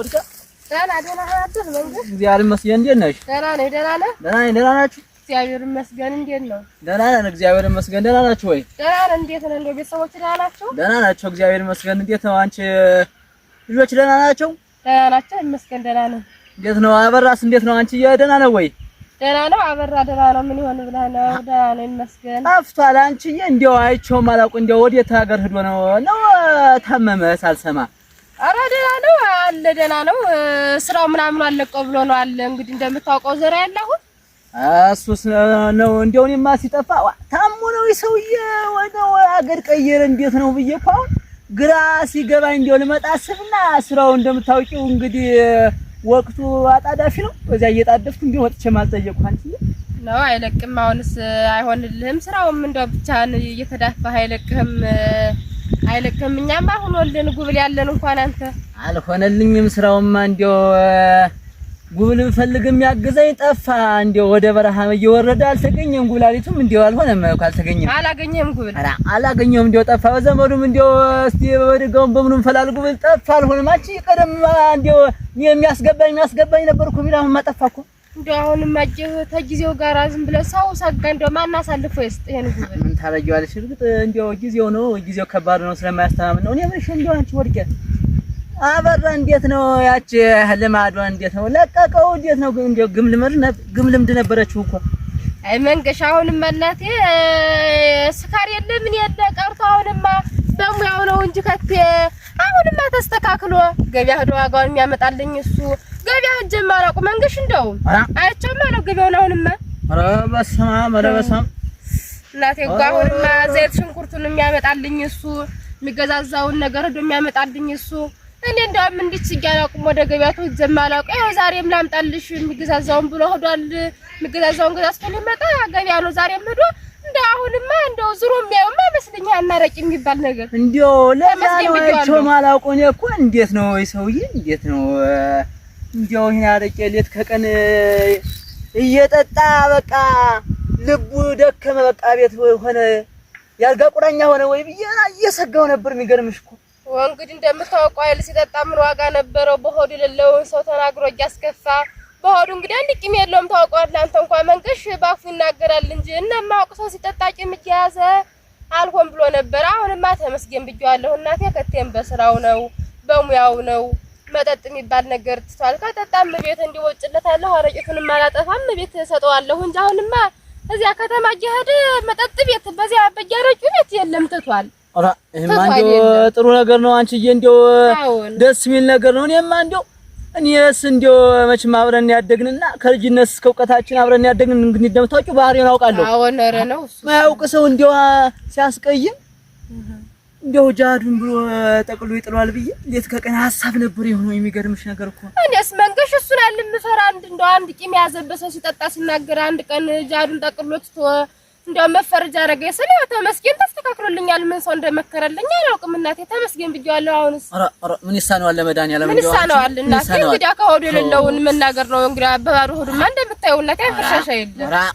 ወድቃ ደህና ደህና መንገድ እግዚአብሔር ይመስገን። እንዴት ነሽ? ደህና ነኝ። ደህና ነህ? ደህና ነኝ። ደህና ናችሁ? እግዚአብሔር ይመስገን። እንዴት ነው? ደህና ነን። እግዚአብሔር ይመስገን። ደህና ናችሁ ወይ? ደህና ነን። እንዴት ነው? እንደው ቤተሰቦች ደህና ናቸው? ደህና ናቸው። እግዚአብሔር ይመስገን። እንዴት ነው? አንቺ ልጆች ደህና ናቸው? ደህና ናቸው። ይመስገን። ደህና ነን። እንዴት ነው? አበራስ እንዴት ነው? አንቺ ደህና ነው ወይ? ደህና ነው። አበራ ደህና ነው። ምን ይሆን ብለህ ነው? ደህና ነው ይመስገን። አፍቷል። አንቺዬ እንደው አይቼውም አላውቅም። ወዴት ሀገር ሂዶ ነው ነው ታመመ ሳልሰማ ኧረ ደህና ነው አለ ደህና ነው። ስራው ምናምኑ አለቀው ብሎ ነው አለ። እንግዲህ እንደምታውቀው ዘራ ያለ አሁን እሱስ ነው እንደው እኔማ ሲጠፋ ታሞ ነው የሰውዬ ወደ አገር ቀየረ እንዴት ነው ብዬ እኮ አሁን ግራ ሲገባ እንደው ልመጣ አስብና ስራው እንደምታውቂው እንግዲህ ወቅቱ አጣዳፊ ነው። በዚያ እየጣደፍኩ እንዲሁ ወጥቼ ማልጠየቁ አንቺ ነው አይለቅም። አሁንስ አይሆንልህም። ስራውም እንደው ብቻህን እየተዳፋህ አይለቅህም። አይልክም። እኛማ ሆኖልን ጉብል ያለን እንኳን አንተ አልሆነልኝም። ስራውማ እንዲያው ጉብል ብፈልግ የሚያግዘኝ ጠፋ። እንዲያው ወደ በረሃ እየወረደ አልተገኘም። ጉብላሊቱም እንዲያው አልሆነም እኮ አልተገኘም። አላገኘም ጉብል ኧረ አላገኘውም። እንዲያው ጠፋ። በዘመዱም እንዲያው እስቲ በድጋውም በምኑም ፈላል ጉብል ጠፋ። አልሆነም። አንቺ ቀደም እንዲያው የሚያስገባኝ የሚያስገባኝ ነበርኩ ቢል አሁንማ እንደው አሁንም አጀህ ተጊዜው ጋር ዝም ብለ ሰው ሰጋ እንደው ማን አሳልፎ ይስጥ? ይሄን ጉብል ምን ታረጊዋለሽ? እርግጥ እንደው ጊዜው ነው ጊዜው ከባድ ነው ስለማያስተማምን ነው። እኔ የምልሽ እንደው አንቺ ወድቀት አበራ እንዴት ነው ያቺ ልማዷ እንዴት ነው ለቀቀው እንዴት ነው እንደው ግምልምድ ነበረችው እኮ አይ መንገሻ፣ አሁንማ እናቴ ስካር የለ ምን የለ ቀርቶ አሁንማ በሙያው ነው እንጂ ከቴ አሁንማ ተስተካክሎ ገበያ ሄዶ ዋጋውን የሚያመጣልኝ እሱ ገበያ ሄጄም አላውቅም። መንገሽ እንደው አይቼውም አለው ገበያውን። አሁንማ ኧረ በስመ አብ ኧረ በስመ አብ እናቴ እኮ አሁንማ ዘይት ሽንኩርቱን የሚያመጣልኝ እሱ የሚገዛዛውን ነገር ሄዶ የሚያመጣልኝ እሱ። እኔ እንደውም እንዲች እያላውቅም ወደ ገበያ ሄጄም አላውቅም። ያው ዛሬም ላምጣልሽ የሚገዛዛውን ብሎ ሄዷል። የሚገዛዛውን ገዛ ስለመጣ ገበያ ነው ዛሬም ሄዶ እንደ አሁንማ እንደው ዙሮ የሚያዩማ መስለኛ አናረቂ የሚባል ነገር እንዲያው ለዛ ነው አይቼውም አላውቅም እኮ። እንዴት ነው ይሄ ሰውዬ እንዴት ነው እንዲያው ይሄን አረቄ ሌት ከቀን እየጠጣ በቃ ልቡ ደከመ። በቃ ቤት ሆነ ያልጋ ቁራኛ ሆነ ወይ ብዬ እየሰጋው ነበር። የሚገርምሽ እኮ እንግዲህ እንደምታውቀው አይል ሲጠጣ ምን ዋጋ ነበረው? በሆዱ የሌለውን ሰው ተናግሮ እያስከፋ በሆዱ እንግዲህ አንድ ቂም የለውም። ታውቀዋለህ አንተ እንኳን መንቀሽ ባፉ ይናገራል እንጂ እና ሰው ሲጠጣ ቂም እየያዘ አልሆን ብሎ ነበር። አሁንማ ተመስገን ብዬዋለሁ እናቴ። ከቴም በስራው ነው በሙያው ነው መጠጥ የሚባል ነገር ትቷል። ከጠጣም ቤት እንዲወጭለታለሁ አረቄቱንም አላጠፋም ቤት ሰጠዋለሁ እንጂ አሁንማ እዚያ ከተማ እየሄደ መጠጥ ቤት በዚያ በየረጩ ቤት የለም ትቷል። አራ ጥሩ ነገር ነው። አንቺዬ እንደው ደስ የሚል ነገር ነው። እኔማ እንደው እኔስ እንዲ መቼም አብረን ያደግንና ከልጅነት እስከ እውቀታችን አብረን ያደግን እንግዲህ እንደምታውቂው ባህሪውን አውቃለሁ። አዎ ነው። ማያውቅ ሰው እንደው ሲያስቀይም እንደው ጃዱን ብሎ ጠቅሎ ይጥሏል ብዬ ሌት ከቀን ሀሳብ ነበር የሆነው። የሚገርምሽ ነገር እኮ እኔስ መንገሽ እሱን አልምፈራ አንድ እንደው አንድ ቂም ያዘበት ሰው ሲጠጣ ሲናገር አንድ ቀን ጃዱን ጠቅሎት እንደው መፈረጃ አረገ ስለ ተመስገን ተስተካክሎልኛል። ምን ሰው እንደመከረልኝ አላውቅም እናቴ ተመስገን ብያለሁ። አሁንስ ኧረ ኧረ ምን ይሳነዋል? ለመድኃኒዓለም ምን ይሳነዋል? እናቴ እንግዲህ ከሆዱ የሌለውን መናገር ነው እንግዲህ በባዶ ሆዱማ እንደምታየው እናቴ አንፈሻሻ የለም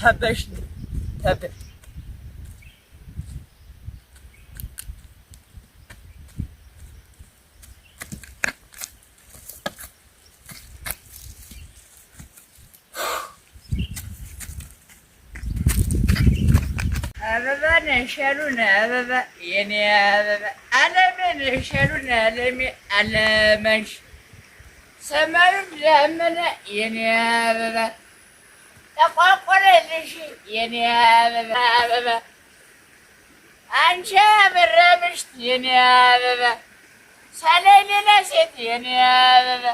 tebeş tebe. Evve neşerune evve yeni evve eleme neşerune elemi elemeş Semerim lemene yeni evve ተቆርቆረ ልሽ የኔ አበባ አበባ አንቺ አበራብሽ የኔ አበባ ሳላይ ሌላ ሴት የኔ አበባ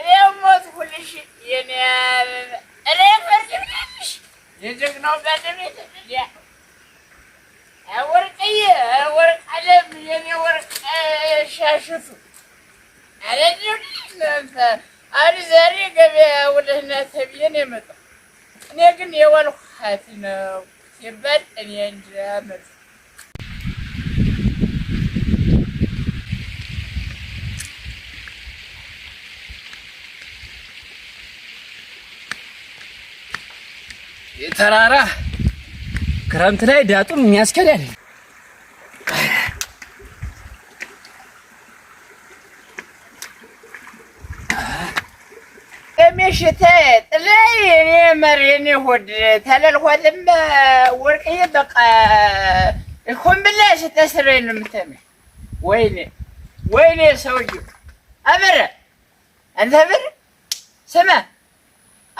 እኔ ሞትኩልሽ የኔ አበባ እኔ ፍርድ ብለሽ የጀግናው ባለቤት ወርቅዬ ወርቅ አለም የኔ ወርቅ ሻሽቱ አለ ዛሬ ገበያ ውለህና ተብዬ ነው የመጣው እኔ ግን የወልኋት ነው ሲባል እኔ እንጃ የተራራ ክረምት ላይ ዳጡም የሚያስከል ያለ ሽተ ጥላይ እኔ መር የኔ ሆድ ተለልኋልም ወርቅዬ በቃ ሆን ብላ ሽተ ነው የምትመ ወይኔ ወይኔ ሰውዬው አበረ አንተ አበረ ስማ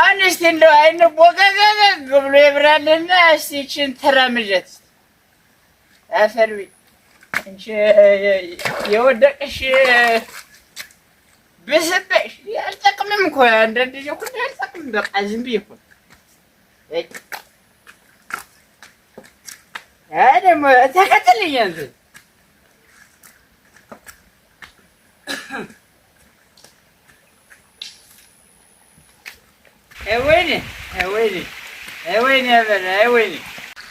አሁን እስቲ እንደው አይነ ቦጋጋጋግ ብሎ ይብራልና እስቲ ይችን ተራምጃት አፈርቢ እንጂ የወደቅሽ بس يلتقمم كو عند الدجو كل يلتقم بقى زنبي كو هذا ما تقتلني يا انت ايه ويني ايه ويني ايه ويني يا ايه ويني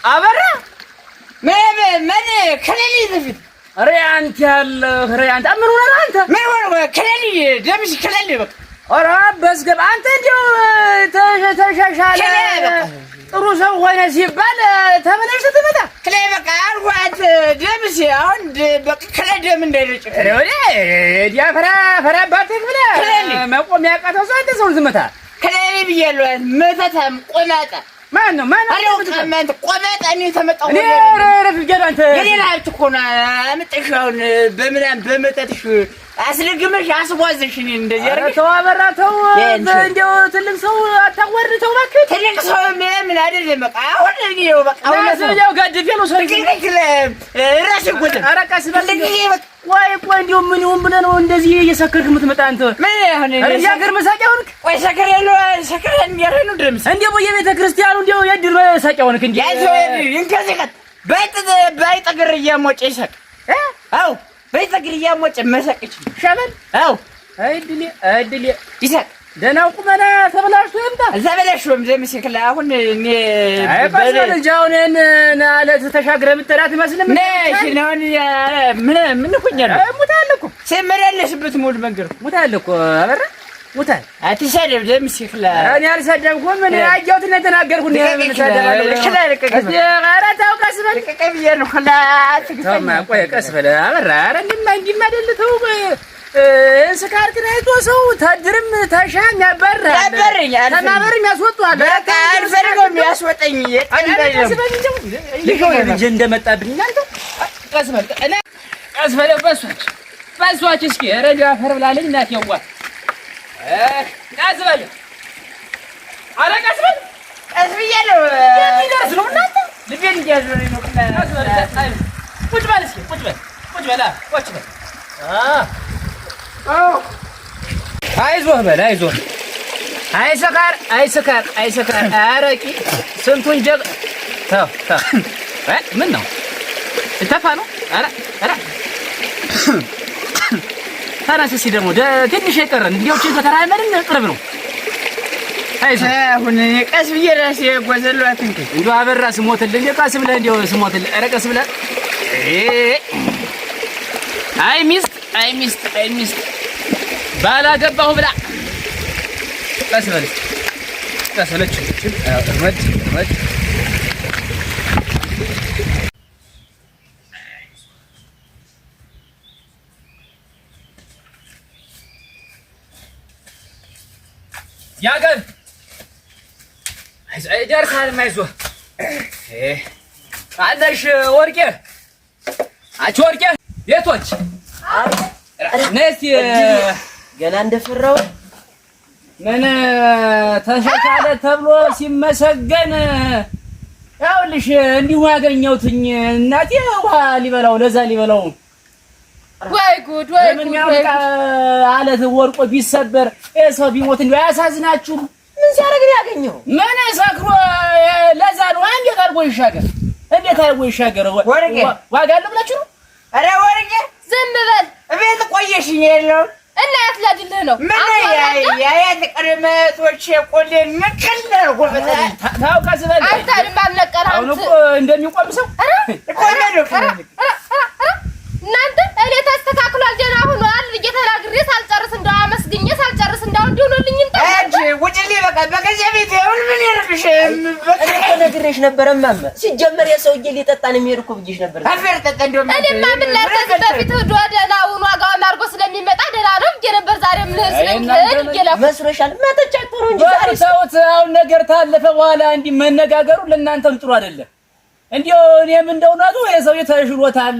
ابرا ما ما كان لي ذفت ሪያንት ያለ ሪያንት ኧረ ምን ነው አንተ? ምን ሆነህ ክለል ደምሽ ክለል በቃ። ኧረ በስገብ አንተ እንደው ተሻሻለ ጥሩ ሰው ሆነ ሲባል ተመለሽ ትመጣ ክለል በቃ አልኳት። ደምሽ አሁን በቃ ክለል ደም እንዳይረጭ ፈራ ፈራ ባትህ ብለህ መቆም ያቃተው ሰው አንተ ሰው ብያለሁ። ቆናጣ ማን ነው? ማን ነው? አስልግምሽ አስቧዝሽ እንደዚህ ተው አበራ ተው፣ እንደው ትልቅ ሰው አታዋርድ ተው እባክህ። ትልቅ ሰው ምን አይደለም በቃ አሁን ነው ምን ይሁን ብለህ ነው እንደዚህ እየሰከርክ የምትመጣ አንተ? ምን አሁን መሳቂያ ሆንክ። ቆይ ሰከር ያለው ሰከር ነው ድምፅ ክርስቲያኑ መሳቂያ ሆንክ ይሰቅ አው በይጸግርያሞ መሰቅች ሸመል አው አይድሊ አይድሊ ይሳቅ ደህናው ቁመና ተበላሽቶ ይምጣ እዛ በላሽም ዘምስክል አሁን እኔ አይባል ጃውን ናለት ተሻግረ ምጥራት ይመስልም ነሽ ነውን ምን ምን ኩኛለሁ ሙታለኩ ሲመረልሽበት ሙድ መንገር ሙታለኩ አበራ ውተን አትሰደብ። ደምስ ይክላል። እኔ አልሰደብኩም። ምን ያየሁት ነው የተናገርኩት። ቀስ በል ቀስ በል አበራ። ኧረ እንዲህማ እንዲህማ አይደለ። ተው ስካር ግን ሰው ተድርም ተሻ የሚያባርር ተማበር የሚያስወጡሃል። አልፈልገው የሚያስወጠኝ ልከው ልጅ እንደመጣብኝ እናንተ ቀስ በል ቀስ በል በሷች በሷች። እስኪ ኧረ አፈር ብላለች እናቴ ያዋል ቀዝበል አረ ቀዝበል ቀዝብ እያለው የሚደርስ ነው። እናንተ ልቤን እያዞረ ነው። ቁጭ በል እስኪ ቁጭ በል ቁጭ በል ቁጭ በል። አይዞህ በል አይዞህ። አይሰካር አይሰካር አይሰካር አረቂ ስንቱን ጀግ ተው ተው። ምን ነው እተፋ ነው? ኧረ ኧረ ተነስ እስኪ ደግሞ ትንሽ የቀረን እንዲያውች ከተራ አይመድን ቅርብ ነው። አሁን ቀስ ብዬ ራሴ ጓዘሏት እንጂ እንደው አበራ ስሞትልህ ቀስ ብለ እንደው ስሞትልህ። ኧረ ቀስ ብለህ አይ ሚስት አይ ሚስት አይ ሚስት ባላገባሁ ብላ ቀስ በለች ቀስ በለች ወድ ወድ ያ ቀን ይደርሳልም። አለሽ ወርቄ፣ አንቺ ወርቄ ቤቶች ነይ ገና እንደፈራው ምን ተሻሻለ ተብሎ ሲመሰገን ያውልሽ እንዲሁ ያገኘሁትኝ እናቴ ውሃ ሊበላው ለዛ ሊበላው ወይ ጉድ! ወይ ጉድ! አለት ወርቆ ቢሰበር ሰው ቢሞት እንደው አያሳዝናችሁም? ምን ሲያደርግ ነው ያገኘው? ምን ሰክሮ ለዛ ነው። አንዴ ቀርቦ ይሻገር፣ እንዴት አድርጎ ይሻገር? ዋጋ አለው ብላችሁ ነው? ኧረ ወርቄ ዝም በል እቤት ቆየሽኝ የለውም እና ያትላድልህ ነው ምን ያያት ቅድመቶች ቆሌ ምክልር ታውቃ ዝበል አንተ ልማልነቀር እንደሚቆም ሰው ቆመዶ እናንተ እኔ ተስተካክሏል ደህና ሆኗል ብዬ ተናግሬ ሳልጨርስ እንደው አመስግኜ ሳልጨርስ እንደው እንዲሁ ነግሬሽ ነበረ። እማማ ሲጀመር የሰውዬ ሊጠጣ የሚሄድ እኮ ብዬሽ ነበር። እኔማ ምን ላድርግ በፊት ዶ ደህና ውን ዋጋውን አድርጎ ስለሚመጣ ደህና ነው ብዬ ነበር። ዛሬ ምን ስለሚሄድ መስሎሻል? መተቻክሮ እንጂ ሰውት አሁን ነገር ታለፈ በኋላ እንዲህ መነጋገሩ ለእናንተም ጥሩ አይደለም። እንዲሁ እኔም እንደው ነገሩ የሰውዬ ተሽሎታል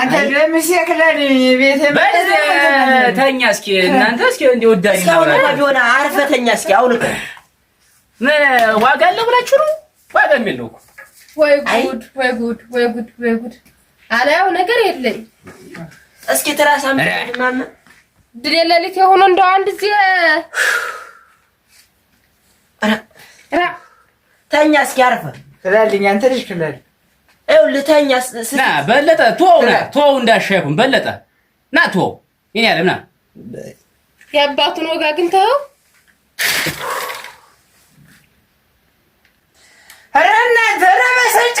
አንተ በምስክለን ቤት ተኛ እስኪ እናንተ እስኪ ተኛ እስኪ። አሁን ምን ዋጋ አለው ብላችሁ ነው? ዋጋ የሚል ነው። ወይ ጉድ ወይ ጉድ ወይ ጉድ ወይ ጉድ ነገር የለኝ እስኪ ድል የሆነ እንደው አንድ እዚህ ተኛ እስኪ ክለልኝ አንተ ልጅ ክለል ው ልተኛ ና በለጠ ቶው ና ቶው እንዳሻይኩን በለጠ ና ቶው የኔ ያለም ና የአባቱን ወግ አግኝተኸው ኧረ እናንተ ኧረ በሰጭ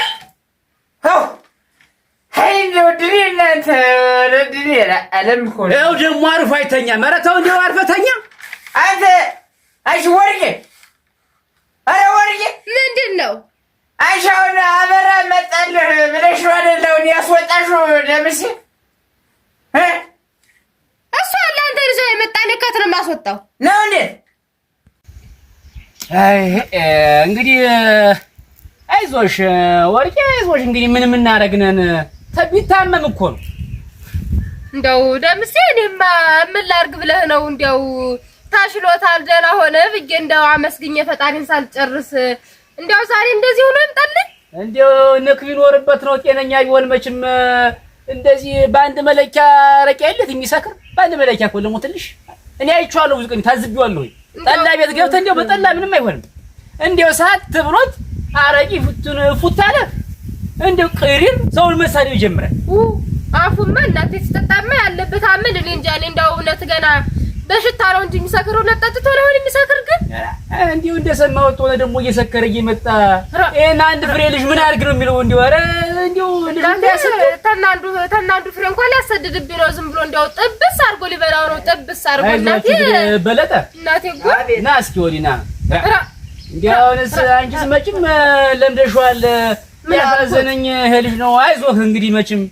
ይኸው ደግሞ አርፎ አይተኛም። መረተው ተው እንዲያው አንተ። አይ ወርዬ፣ ኧረ ወርዬ ምንድን ነው? አይሻውን አበራ መጣልህ ብለሽ አይደለውን ያስወጣሽው ደምሴ እሷ ለአንተ ይዞ የመጣ ልካት ነው የማስወጣው ነው እንዴ? እንግዲህ አይዞሽ ወርቄ አይዞሽ። እንግዲህ ምን የምናደርግነን ቢታመም እኮ ነው እንደው ደምሴ። እኔማ ምን ላድርግ ብለህ ነው እንደው ታሽሎታል፣ ደህና ሆነ ብዬ እንደው አመስግኜ ፈጣሪን ሳልጨርስ እንዲያው ዛሬ እንደዚህ ሆኖ ይምጣልን። እንዲያው ንክ ቢኖርበት ነው ጤነኛ ቢሆን መቼም እንደዚህ በአንድ መለኪያ ረቂ አይለት የሚሰክር በአንድ መለኪያ እኮ ልሞትልሽ። እኔ አይቼዋለሁ፣ ብዙ ቀን ታዝቤዋለሁ። ጠላ ቤት ገብተህ እንዲያው በጠላ ምንም አይሆንም። እንዲያው ሰዓት ትብሮት አረቂ ፉትን ፉታለ አለ። እንዲያው ቅሪር ሰውን መሳደብ ይጀምራል። አፉማ እናቴ ሲጠጣማ ያለበት አመል እኔ እንጃ እኔ እንደው እውነት ገና በሽታ ነው እንጂ የሚሰክረው ለጠጥቶ ነው የሚሰክር። ግን እንዲሁ እንደሰማሁት ሆነ ደግሞ እየሰከረ እየመጣ ይሄን አንድ ፍሬ ልጅ ምን አድርግ ነው የሚለው። እንዲሁ ኧረ እንዲሁ ተናንዱ ተናንዱ ፍሬ እንኳን ሊያሰድድብኝ ነው። ዝም ብሎ እንዲያው ጥብስ አድርጎ ሊበላው ነው። ጥብስ አድርጎ እናቴ በለጠ እናቴ ጉድ ና እስኪ ወዲና እንዲያውንስ አንቺስ መቼም ለምደሽዋል። ያሳዘነኝ ይሄ ልጅ ነው። አይዞህ እንግዲህ መቼም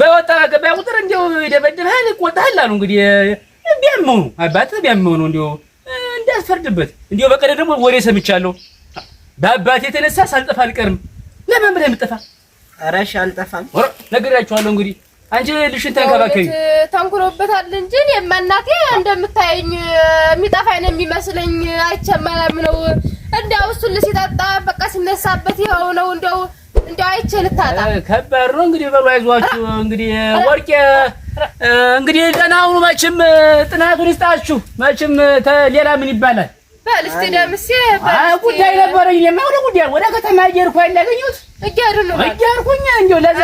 በወጣ ገበያ ቁጥር እንዲሁ ይደበድብሃል፣ ይቆጣሃል አሉ እንግዲህ ቢያመው ነው አባትህ ቢያመው ነው እንዲያው እንዳትፈርድበት። እንዲያው በቀደ ደግሞ ወሬ ሰምቻለሁ። በአባቴ የተነሳ ሳልጠፋ አልቀርም። ለምን ብለህ የምጠፋ? ኧረ እሺ አልጠፋም። ኧረ ነግሬያቸዋለሁ እንግዲህ አንቺ ልሽን ተንከባከቢ። ተንኩሎበታል እንጂ እኔማ እናቴ እንደምታየኝ የሚጠፋኝ ነው የሚመስለኝ። አይቸማላም ነው እንዲያው እሱን ልሲጠጣ በቃ ሲነሳበት ይኸው ነው እንዲያው እንዲያው አይቼ ልታጣ ከባድ ነው እንግዲህ። በሉ አይዟችሁ እንግዲህ ወርቄ እንግዲህ ደህና ሁኑ። መቼም ጥናቱን ይስጣችሁ። መቼም ሌላ ምን ይባላል? ጉዳይ ነበረኝ እኔማ ወደ ጉዳይ ወደ ከተማ እየሄድኩ ያላገኘሁት እያልኩኝ ለዛ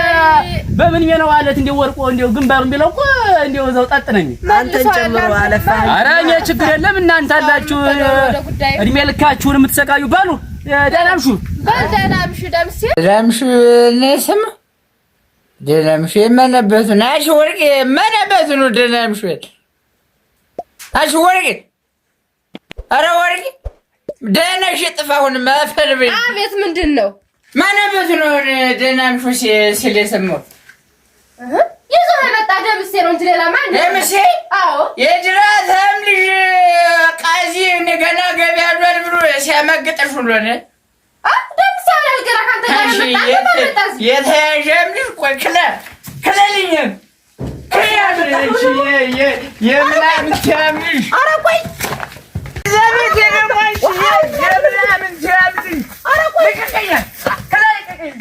በምን ነው አለት እንደው ወርቆ ግንባሩ ቢለው እኮ እንደው እዛው ጠጥ ነኝ። አንተን ጨምሮ አለፋ። ኧረ እኔ ችግር የለም እናንተ አላችሁ እድሜ ልካችሁን የምትሰቃዩ ደህና እምሹ በል ደህና እምሹ ደምሴ ደምሹ ስም ደለምሽ የመነበትን አሽ ወርቅ የመነበትን ደለምሽ አሽ ወርቅ አረ ወርቅ ደነሽ ጥፋሁን አሁን መፈልብ አቤት፣ ምንድን ነው መነበትን ነው ደናምሽ ስለሰማሁ ይዞ የመጣ ደምሴ ነው እንጂ ሌላ ማን ደምሴ? አዎ የጅራትም ልጅ ቃዚ ገና ገበያ ብሎ ሲያመግጥሽ ሁሎነ የተያዣምሽ ቆይ ክለ ቆይ ዘቤት የገባሽ ክለልኝ